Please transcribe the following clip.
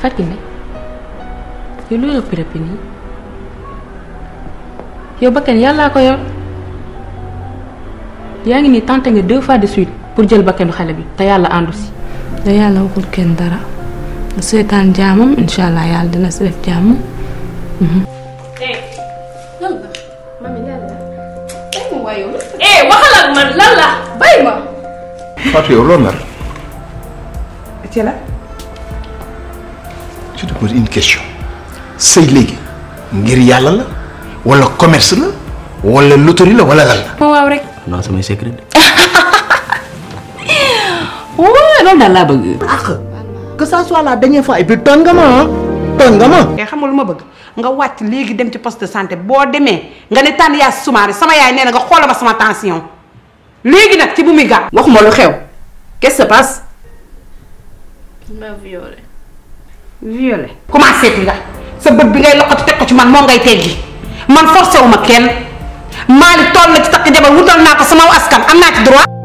Fatime yow ya, lu yor pira pini. nii yow bakkan yàllaa ko yo. yaa ngi nii tenté nga deux fois de suite pour jël bakkanu xalé bi ta yalla àndu ci. da yalla waxul ken dara seetaan jaamam incha allah yàlla dina si def jaamu. Eh, ak man lan la bay ma. Fatou yow nar. ci la. je te pose une question C'est léegi ngir ou la commerce la wala loterie la wala la. waaw non secret. waaw non, non, que ça soit la dernière fois et puis ah, eh, nga ma une nga ma. mais ma nga poste de santé tu nga ne que tu sumaare sama je nga ma sama tension que nag ci bu qu'est-ce qui se passe. ma violé violet Comment c'est? tu Ce là il tu tu que man moo forcé au ma